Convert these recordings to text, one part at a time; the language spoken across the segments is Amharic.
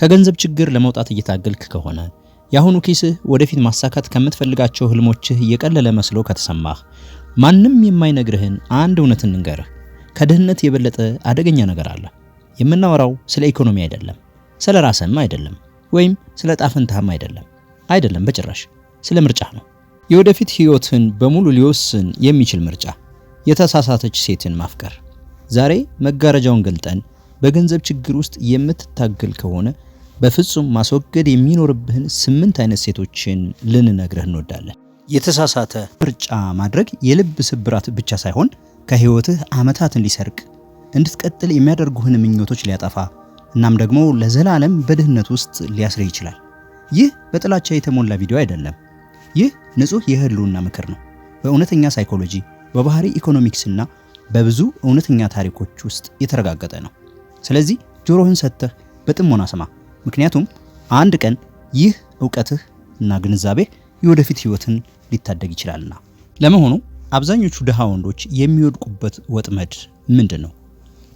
ከገንዘብ ችግር ለመውጣት እየታገልክ ከሆነ የአሁኑ ኪስህ ወደፊት ማሳካት ከምትፈልጋቸው ህልሞችህ እየቀለለ መስሎ ከተሰማህ ማንም የማይነግርህን አንድ እውነትን እንገርህ። ከድህነት የበለጠ አደገኛ ነገር አለ። የምናወራው ስለ ኢኮኖሚ አይደለም፣ ስለ ራስህም አይደለም፣ ወይም ስለ ጣፈንታህም አይደለም። አይደለም በጭራሽ። ስለ ምርጫ ነው። የወደፊት ህይወትህን በሙሉ ሊወስን የሚችል ምርጫ። የተሳሳተች ሴትን ማፍቀር። ዛሬ መጋረጃውን ገልጠን በገንዘብ ችግር ውስጥ የምትታገል ከሆነ በፍጹም ማስወገድ የሚኖርብህን ስምንት አይነት ሴቶችን ልንነግረህ እንወዳለን። የተሳሳተ ምርጫ ማድረግ የልብ ስብራት ብቻ ሳይሆን ከህይወትህ ዓመታትን ሊሰርቅ እንድትቀጥል የሚያደርጉህን ምኞቶች ሊያጠፋ እናም ደግሞ ለዘላለም በድህነት ውስጥ ሊያስርህ ይችላል። ይህ በጥላቻ የተሞላ ቪዲዮ አይደለም። ይህ ንጹህ የህልውና ምክር ነው። በእውነተኛ ሳይኮሎጂ፣ በባህሪ ኢኮኖሚክስና በብዙ እውነተኛ ታሪኮች ውስጥ የተረጋገጠ ነው። ስለዚህ ጆሮህን ሰጥተህ በጥሞና ስማ። ምክንያቱም አንድ ቀን ይህ እውቀትህ እና ግንዛቤ የወደፊት ህይወትን ሊታደግ ይችላልና። ለመሆኑ አብዛኞቹ ድሃ ወንዶች የሚወድቁበት ወጥመድ ምንድን ነው?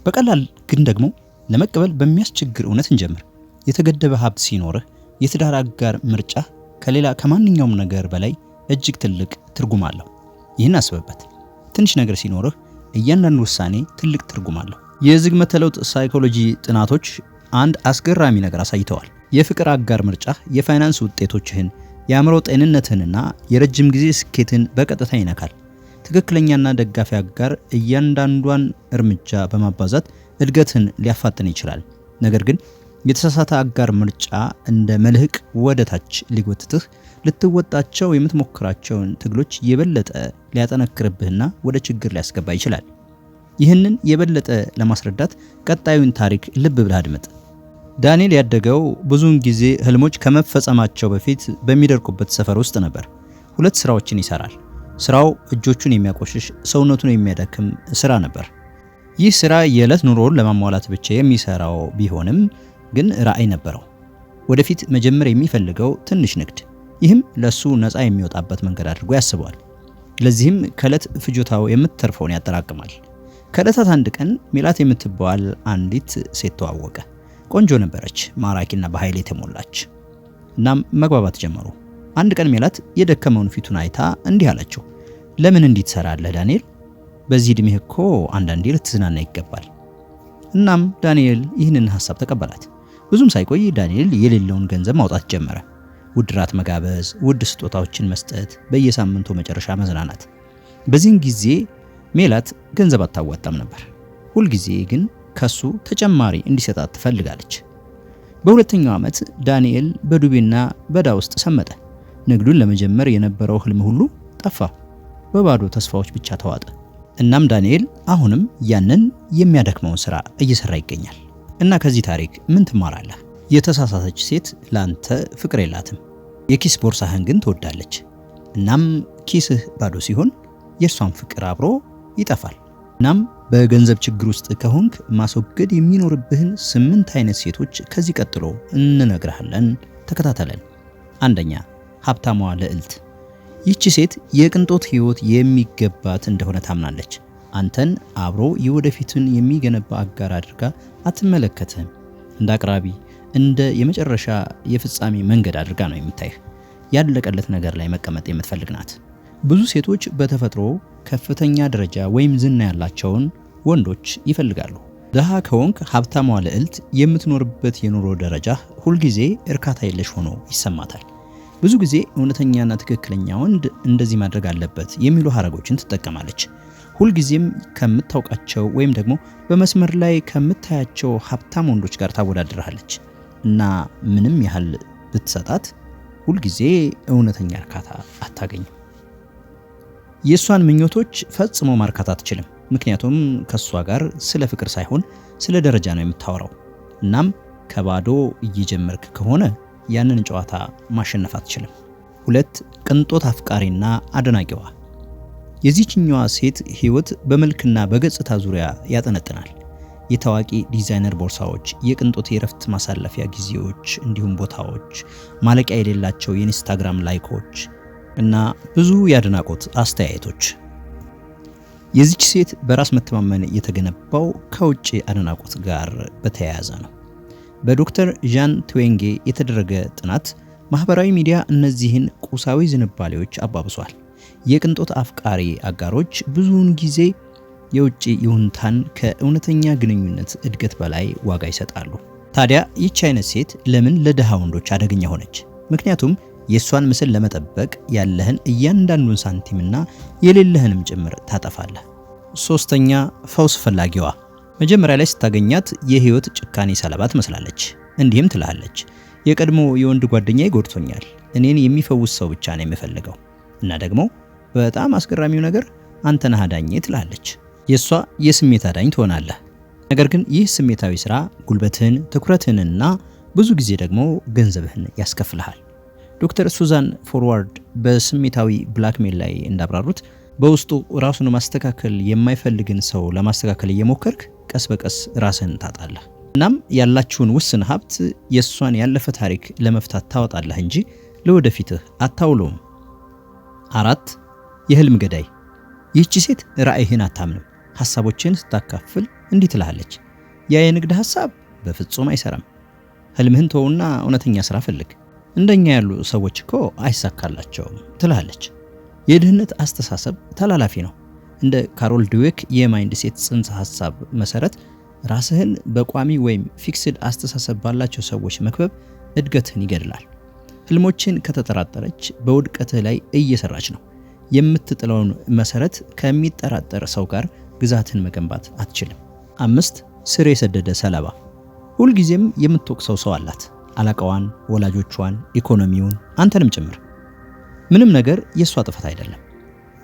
በቀላል ግን ደግሞ ለመቀበል በሚያስቸግር እውነት እንጀምር። የተገደበ ሀብት ሲኖርህ የትዳር አጋር ምርጫ ከሌላ ከማንኛውም ነገር በላይ እጅግ ትልቅ ትርጉም አለው። ይህን አስበበት። ትንሽ ነገር ሲኖርህ እያንዳንዱ ውሳኔ ትልቅ ትርጉም አለው። የዝግመተ ለውጥ ሳይኮሎጂ ጥናቶች አንድ አስገራሚ ነገር አሳይተዋል። የፍቅር አጋር ምርጫ የፋይናንስ ውጤቶችህን፣ የአእምሮ ጤንነትህንና የረጅም ጊዜ ስኬትን በቀጥታ ይነካል። ትክክለኛና ደጋፊ አጋር እያንዳንዷን እርምጃ በማባዛት እድገትን ሊያፋጥን ይችላል። ነገር ግን የተሳሳተ አጋር ምርጫ እንደ መልህቅ ወደ ታች ሊጎትትህ፣ ልትወጣቸው የምትሞክራቸውን ትግሎች የበለጠ ሊያጠነክርብህና ወደ ችግር ሊያስገባ ይችላል። ይህንን የበለጠ ለማስረዳት ቀጣዩን ታሪክ ልብ ብለህ አድምጥ። ዳንኤል ያደገው ብዙውን ጊዜ ህልሞች ከመፈጸማቸው በፊት በሚደርቁበት ሰፈር ውስጥ ነበር። ሁለት ስራዎችን ይሰራል። ስራው እጆቹን የሚያቆሽሽ ሰውነቱን የሚያዳክም ስራ ነበር። ይህ ስራ የዕለት ኑሮውን ለማሟላት ብቻ የሚሰራው ቢሆንም ግን ራዕይ ነበረው። ወደፊት መጀመር የሚፈልገው ትንሽ ንግድ፣ ይህም ለሱ ነፃ የሚወጣበት መንገድ አድርጎ ያስበዋል። ለዚህም ከዕለት ፍጆታው የምትተርፈውን ያጠራቅማል። ከእለታት አንድ ቀን ሜላት የምትባል አንዲት ሴት ተዋወቀ። ቆንጆ ነበረች፣ ማራኪና በኃይል የተሞላች። እናም መግባባት ጀመሩ። አንድ ቀን ሜላት የደከመውን ፊቱን አይታ እንዲህ አለችው፣ ለምን እንዲህ ትሰራለህ ዳንኤል? በዚህ ዕድሜህ እኮ አንዳንዴ ልትዝናና ይገባል። እናም ዳንኤል ይህንን ሐሳብ ተቀበላት። ብዙም ሳይቆይ ዳንኤል የሌለውን ገንዘብ ማውጣት ጀመረ። ውድ ራት መጋበዝ፣ ውድ ስጦታዎችን መስጠት፣ በየሳምንቱ መጨረሻ መዝናናት። በዚህን ጊዜ ሜላት ገንዘብ አታዋጣም ነበር። ሁልጊዜ ግን ከሱ ተጨማሪ እንዲሰጣት ትፈልጋለች። በሁለተኛው ዓመት ዳንኤል በዱቤና በዳ ውስጥ ሰመጠ። ንግዱን ለመጀመር የነበረው ህልም ሁሉ ጠፋ፣ በባዶ ተስፋዎች ብቻ ተዋጠ። እናም ዳንኤል አሁንም ያንን የሚያደክመውን ስራ እየሰራ ይገኛል። እና ከዚህ ታሪክ ምን ትማራለህ? የተሳሳተች ሴት ላንተ ፍቅር የላትም፣ የኪስ ቦርሳህን ግን ትወዳለች። እናም ኪስህ ባዶ ሲሆን የእርሷን ፍቅር አብሮ ይጠፋል። እናም በገንዘብ ችግር ውስጥ ከሆንክ ማስወገድ የሚኖርብህን ስምንት አይነት ሴቶች ከዚህ ቀጥሎ እንነግርሃለን። ተከታተለን። አንደኛ ሀብታሟ ልዕልት። ይቺ ሴት የቅንጦት ህይወት የሚገባት እንደሆነ ታምናለች። አንተን አብሮ የወደፊትን የሚገነባ አጋር አድርጋ አትመለከትህም። እንደ አቅራቢ፣ እንደ የመጨረሻ የፍጻሜ መንገድ አድርጋ ነው የምታይህ። ያለቀለት ነገር ላይ መቀመጥ የምትፈልግ ናት። ብዙ ሴቶች በተፈጥሮ ከፍተኛ ደረጃ ወይም ዝና ያላቸውን ወንዶች ይፈልጋሉ። ድሃ ከወንክ ሀብታሟ ልዕልት የምትኖርበት የኑሮ ደረጃ ሁልጊዜ እርካታ የለሽ ሆኖ ይሰማታል። ብዙ ጊዜ እውነተኛና ትክክለኛ ወንድ እንደዚህ ማድረግ አለበት የሚሉ ሀረጎችን ትጠቀማለች። ሁልጊዜም ከምታውቃቸው ወይም ደግሞ በመስመር ላይ ከምታያቸው ሀብታም ወንዶች ጋር ታወዳድርሃለች እና ምንም ያህል ብትሰጣት ሁልጊዜ እውነተኛ እርካታ አታገኝም። የእሷን ምኞቶች ፈጽሞ ማርካት አትችልም። ምክንያቱም ከእሷ ጋር ስለ ፍቅር ሳይሆን ስለ ደረጃ ነው የምታወራው። እናም ከባዶ እየጀመርክ ከሆነ ያንን ጨዋታ ማሸነፍ አትችልም። ሁለት ቅንጦት አፍቃሪና አድናቂዋ። የዚችኛዋ ሴት ሕይወት በመልክና በገጽታ ዙሪያ ያጠነጥናል። የታዋቂ ዲዛይነር ቦርሳዎች፣ የቅንጦት የእረፍት ማሳለፊያ ጊዜዎች እንዲሁም ቦታዎች፣ ማለቂያ የሌላቸው የኢንስታግራም ላይኮች እና ብዙ የአድናቆት አስተያየቶች። የዚች ሴት በራስ መተማመን የተገነባው ከውጭ አድናቆት ጋር በተያያዘ ነው። በዶክተር ዣን ትዌንጌ የተደረገ ጥናት ማህበራዊ ሚዲያ እነዚህን ቁሳዊ ዝንባሌዎች አባብሷል። የቅንጦት አፍቃሪ አጋሮች ብዙውን ጊዜ የውጭ ይሁንታን ከእውነተኛ ግንኙነት እድገት በላይ ዋጋ ይሰጣሉ። ታዲያ ይህች አይነት ሴት ለምን ለድሃ ወንዶች አደገኛ ሆነች? ምክንያቱም የእሷን ምስል ለመጠበቅ ያለህን እያንዳንዱን ሳንቲምና የሌለህንም ጭምር ታጠፋለህ። ሶስተኛ ፈውስ ፈላጊዋ። መጀመሪያ ላይ ስታገኛት የህይወት ጭካኔ ሰለባ ትመስላለች። እንዲህም ትልሃለች፣ የቀድሞ የወንድ ጓደኛዬ ጎድቶኛል፣ እኔን የሚፈውስ ሰው ብቻ ነው የምፈልገው። እና ደግሞ በጣም አስገራሚው ነገር አንተ ነህ አዳኜ ትልሃለች። የእሷ የስሜት አዳኝ ትሆናለህ። ነገር ግን ይህ ስሜታዊ ስራ ጉልበትህን፣ ትኩረትህንና ብዙ ጊዜ ደግሞ ገንዘብህን ያስከፍልሃል። ዶክተር ሱዛን ፎርዋርድ በስሜታዊ ብላክሜል ላይ እንዳብራሩት በውስጡ ራሱን ማስተካከል የማይፈልግን ሰው ለማስተካከል እየሞከርክ ቀስ በቀስ ራስን ታጣለህ። እናም ያላችሁን ውስን ሀብት የእሷን ያለፈ ታሪክ ለመፍታት ታወጣለህ እንጂ ለወደፊትህ አታውለውም። አራት የህልም ገዳይ። ይህቺ ሴት ራእይህን አታምንም። ሀሳቦችን ስታካፍል እንዲህ ትልሃለች፣ ያ የንግድ ሀሳብ በፍጹም አይሰራም። ህልምህን ተውና እውነተኛ ስራ ፈልግ። እንደኛ ያሉ ሰዎች እኮ አይሳካላቸውም ትላለች። የድህነት አስተሳሰብ ተላላፊ ነው። እንደ ካሮል ድዌክ የማይንድ ሴት ጽንሰ ሀሳብ መሰረት ራስህን በቋሚ ወይም ፊክስድ አስተሳሰብ ባላቸው ሰዎች መክበብ እድገትህን ይገድላል። ህልሞችን ከተጠራጠረች በውድቀትህ ላይ እየሰራች ነው። የምትጥለውን መሰረት ከሚጠራጠር ሰው ጋር ግዛትን መገንባት አትችልም። አምስት ስር የሰደደ ሰለባ። ሁልጊዜም የምትወቅሰው ሰው አላት። አለቃዋን፣ ወላጆቿን፣ ኢኮኖሚውን፣ አንተንም ጭምር። ምንም ነገር የእሷ ጥፋት አይደለም።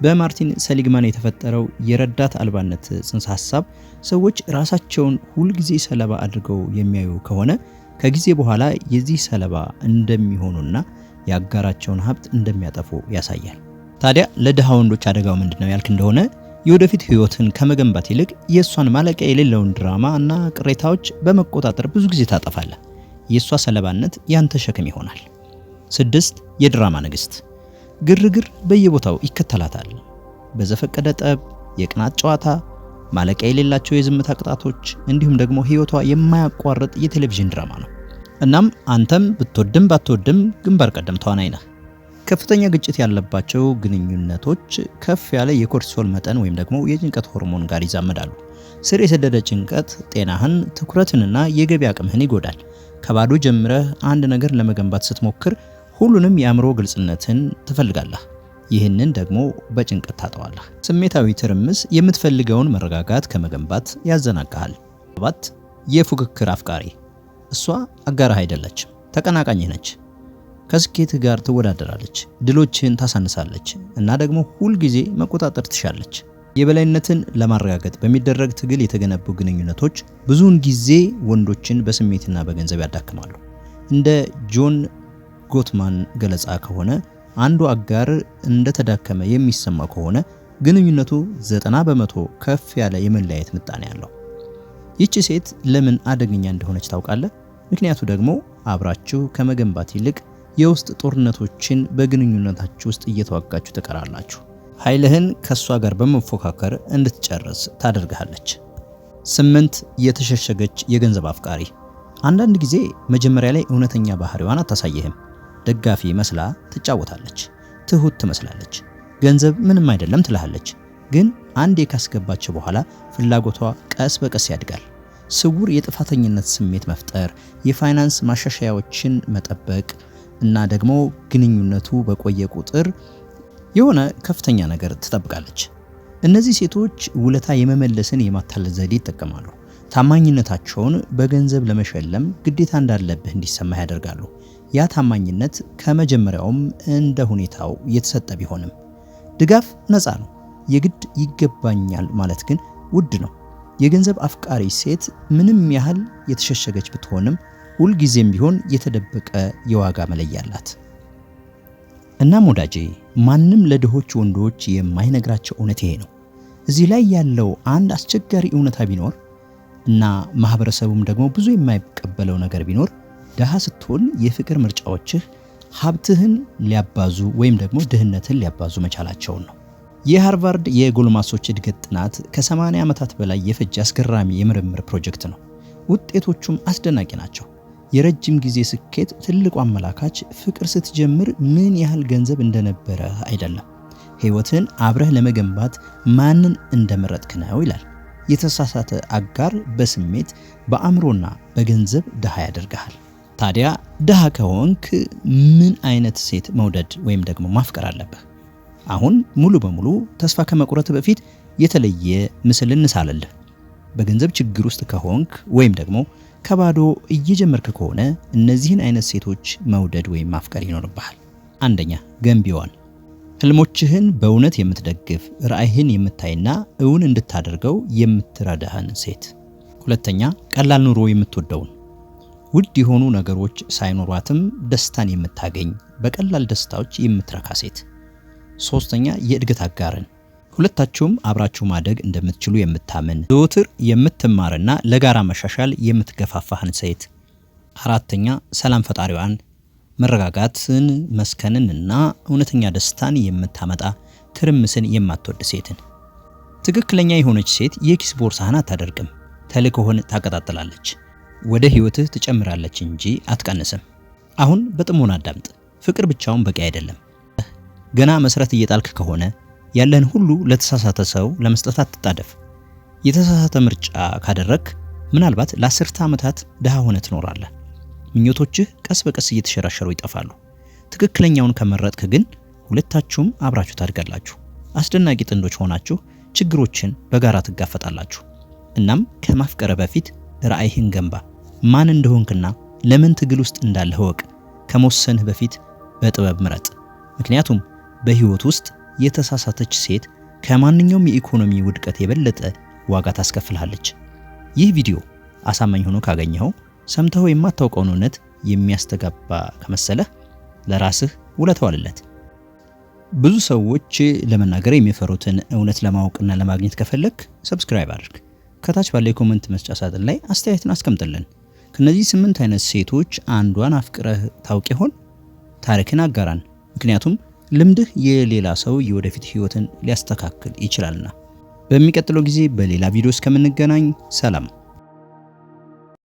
በማርቲን ሰሊግማን የተፈጠረው የረዳት አልባነት ጽንሰ ሀሳብ ሰዎች ራሳቸውን ሁልጊዜ ሰለባ አድርገው የሚያዩ ከሆነ ከጊዜ በኋላ የዚህ ሰለባ እንደሚሆኑና የአጋራቸውን ሀብት እንደሚያጠፉ ያሳያል። ታዲያ ለድሃ ወንዶች አደጋው ምንድነው ያልክ እንደሆነ የወደፊት ህይወትን ከመገንባት ይልቅ የእሷን ማለቂያ የሌለውን ድራማ እና ቅሬታዎች በመቆጣጠር ብዙ ጊዜ ታጠፋለህ። የእሷ ሰለባነት ያንተ ሸክም ይሆናል። ስድስት የድራማ ንግሥት ግርግር በየቦታው ይከተላታል። በዘፈቀደ ጠብ፣ የቅናት ጨዋታ፣ ማለቂያ የሌላቸው የዝምታ ቅጣቶች እንዲሁም ደግሞ ሕይወቷ የማያቋርጥ የቴሌቪዥን ድራማ ነው። እናም አንተም ብትወድም ባትወድም ግንባር ቀደም ተዋናይ ነህ። ከፍተኛ ግጭት ያለባቸው ግንኙነቶች ከፍ ያለ የኮርቲሶል መጠን ወይም ደግሞ የጭንቀት ሆርሞን ጋር ይዛመዳሉ። ስር የሰደደ ጭንቀት ጤናህን፣ ትኩረትንና የገቢ አቅምህን ይጎዳል። ከባዶ ጀምረህ አንድ ነገር ለመገንባት ስትሞክር ሁሉንም የአእምሮ ግልጽነትን ትፈልጋለህ። ይህንን ደግሞ በጭንቀት ታጠዋለህ። ስሜታዊ ትርምስ የምትፈልገውን መረጋጋት ከመገንባት ያዘናጋሃል። ባት የፉክክር አፍቃሪ። እሷ አጋራህ አይደለችም፣ ተቀናቃኝ ነች። ከስኬትህ ጋር ትወዳደራለች፣ ድሎችህን ታሳንሳለች እና ደግሞ ሁልጊዜ መቆጣጠር ትሻለች። የበላይነትን ለማረጋገጥ በሚደረግ ትግል የተገነቡ ግንኙነቶች ብዙውን ጊዜ ወንዶችን በስሜትና በገንዘብ ያዳክማሉ። እንደ ጆን ጎትማን ገለጻ ከሆነ አንዱ አጋር እንደተዳከመ የሚሰማ ከሆነ ግንኙነቱ ዘጠና በመቶ ከፍ ያለ የመለያየት ምጣኔ አለው። ይቺ ሴት ለምን አደገኛ እንደሆነች ታውቃለህ? ምክንያቱ ደግሞ አብራችሁ ከመገንባት ይልቅ የውስጥ ጦርነቶችን በግንኙነታችሁ ውስጥ እየተዋጋችሁ ትቀራላችሁ። ኃይልህን ከእሷ ጋር በመፎካከር እንድትጨርስ ታደርግሃለች። ስምንት የተሸሸገች የገንዘብ አፍቃሪ አንዳንድ ጊዜ መጀመሪያ ላይ እውነተኛ ባህሪዋን አታሳየህም። ደጋፊ መስላ ትጫወታለች፣ ትሁት ትመስላለች፣ ገንዘብ ምንም አይደለም ትልሃለች። ግን አንዴ ካስገባቸው በኋላ ፍላጎቷ ቀስ በቀስ ያድጋል። ስውር የጥፋተኝነት ስሜት መፍጠር፣ የፋይናንስ ማሻሻያዎችን መጠበቅ እና ደግሞ ግንኙነቱ በቆየ ቁጥር የሆነ ከፍተኛ ነገር ትጠብቃለች። እነዚህ ሴቶች ውለታ የመመለስን የማታለል ዘዴ ይጠቀማሉ። ታማኝነታቸውን በገንዘብ ለመሸለም ግዴታ እንዳለብህ እንዲሰማ ያደርጋሉ። ያ ታማኝነት ከመጀመሪያውም እንደ ሁኔታው የተሰጠ ቢሆንም ድጋፍ ነፃ ነው። የግድ ይገባኛል ማለት ግን ውድ ነው። የገንዘብ አፍቃሪ ሴት ምንም ያህል የተሸሸገች ብትሆንም ሁልጊዜም ቢሆን የተደበቀ የዋጋ መለያ አላት። እናም ወዳጄ ማንም ለድሆች ወንዶች የማይነግራቸው እውነት ይሄ ነው። እዚህ ላይ ያለው አንድ አስቸጋሪ እውነታ ቢኖር እና ማህበረሰቡም ደግሞ ብዙ የማይቀበለው ነገር ቢኖር ድሃ ስትሆን የፍቅር ምርጫዎችህ ሀብትህን ሊያባዙ ወይም ደግሞ ድህነትን ሊያባዙ መቻላቸውን ነው። የሃርቫርድ የጎልማሶች እድገት ጥናት ከ80 ዓመታት በላይ የፈጀ አስገራሚ የምርምር ፕሮጀክት ነው። ውጤቶቹም አስደናቂ ናቸው። የረጅም ጊዜ ስኬት ትልቁ አመላካች ፍቅር ስትጀምር ምን ያህል ገንዘብ እንደነበረ አይደለም፣ ሕይወትን አብረህ ለመገንባት ማንን እንደመረጥክ ነው ይላል። የተሳሳተ አጋር በስሜት በአእምሮና በገንዘብ ድሃ ያደርግሃል። ታዲያ ድሃ ከሆንክ ምን አይነት ሴት መውደድ ወይም ደግሞ ማፍቀር አለብህ? አሁን ሙሉ በሙሉ ተስፋ ከመቁረጥ በፊት የተለየ ምስል እንሳለልህ። በገንዘብ ችግር ውስጥ ከሆንክ ወይም ደግሞ ከባዶ እየጀመርክ ከሆነ እነዚህን አይነት ሴቶች መውደድ ወይም ማፍቀር ይኖርብሃል። አንደኛ ገንቢዋን፣ ህልሞችህን በእውነት የምትደግፍ ራዕይህን የምታይና እውን እንድታደርገው የምትረዳህን ሴት። ሁለተኛ ቀላል ኑሮ የምትወደውን ውድ የሆኑ ነገሮች ሳይኖሯትም ደስታን የምታገኝ በቀላል ደስታዎች የምትረካ ሴት። ሶስተኛ የእድገት አጋርን ሁለታችሁም አብራችሁ ማደግ እንደምትችሉ የምታምን ዘወትር የምትማርና ለጋራ መሻሻል የምትገፋፋህን ሴት። አራተኛ ሰላም ፈጣሪዋን መረጋጋትን፣ መስከንንና እውነተኛ ደስታን የምታመጣ ትርምስን የማትወድ ሴትን። ትክክለኛ የሆነች ሴት የኪስ ቦርሳህን አታደርግም ተልእኮህን ታቀጣጥላለች፣ ወደ ህይወትህ ትጨምራለች እንጂ አትቀንስም። አሁን በጥሞና አዳምጥ። ፍቅር ብቻውን በቂ አይደለም። ገና መሰረት እየጣልክ ከሆነ ያለን ሁሉ ለተሳሳተ ሰው ለመስጠት አትጣደፍ። የተሳሳተ ምርጫ ካደረግ ምናልባት ለአስርተ ዓመታት ድሃ ሆነ ትኖራለህ። ምኞቶችህ ቀስ በቀስ እየተሸራሸሩ ይጠፋሉ። ትክክለኛውን ከመረጥክ ግን ሁለታችሁም አብራችሁ ታድጋላችሁ። አስደናቂ ጥንዶች ሆናችሁ ችግሮችን በጋራ ትጋፈጣላችሁ። እናም ከማፍቀረ በፊት ራዕይህን ገንባ። ማን እንደሆንክና ለምን ትግል ውስጥ እንዳለህ እወቅ። ከመወሰንህ በፊት በጥበብ ምረጥ። ምክንያቱም በህይወት ውስጥ የተሳሳተች ሴት ከማንኛውም የኢኮኖሚ ውድቀት የበለጠ ዋጋ ታስከፍልሃለች። ይህ ቪዲዮ አሳማኝ ሆኖ ካገኘኸው፣ ሰምተው የማታውቀውን እውነት የሚያስተጋባ ከመሰለህ ለራስህ ውለታ ዋልለት። ብዙ ሰዎች ለመናገር የሚፈሩትን እውነት ለማወቅና ለማግኘት ከፈለክ ሰብስክራይብ አድርግ። ከታች ባለው የኮመንት መስጫ ሳጥን ላይ አስተያየትን አስቀምጥልን። ከነዚህ ስምንት አይነት ሴቶች አንዷን አፍቅረህ ታውቅ ይሆን? ታሪክን አጋራን። ምክንያቱም ልምድህ የሌላ ሰው የወደፊት ህይወትን ሊያስተካክል ይችላልና። በሚቀጥለው ጊዜ በሌላ ቪዲዮ እስከምንገናኝ ሰላም።